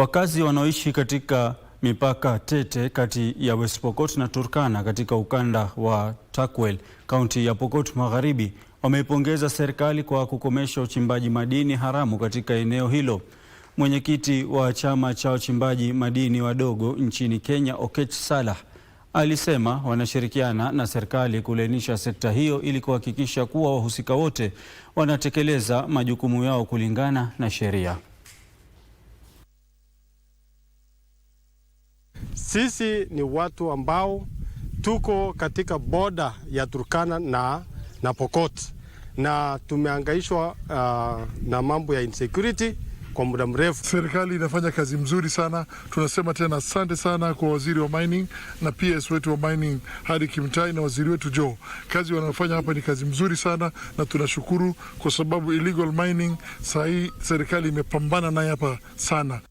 Wakazi wanaoishi katika mipaka tete kati ya West Pokot na Turkana katika ukanda wa Turkwel, kaunti ya Pokot Magharibi, wameipongeza serikali kwa kukomesha uchimbaji madini haramu katika eneo hilo. Mwenyekiti wa chama cha wachimbaji madini wadogo nchini Kenya, Okech Salah, alisema wanashirikiana na serikali kulainisha sekta hiyo ili kuhakikisha kuwa wahusika wote wanatekeleza majukumu yao kulingana na sheria. Sisi ni watu ambao tuko katika boda ya Turkana na, na Pokot na tumeangaishwa uh, na mambo ya insecurity kwa muda mrefu. Serikali inafanya kazi mzuri sana, tunasema tena asante sana kwa waziri wa mining na PS wetu wa mining hadi Kimtai na waziri wetu Jo. Kazi wanayofanya hapa ni kazi mzuri sana, na tunashukuru kwa sababu illegal mining saa serikali imepambana naye hapa sana.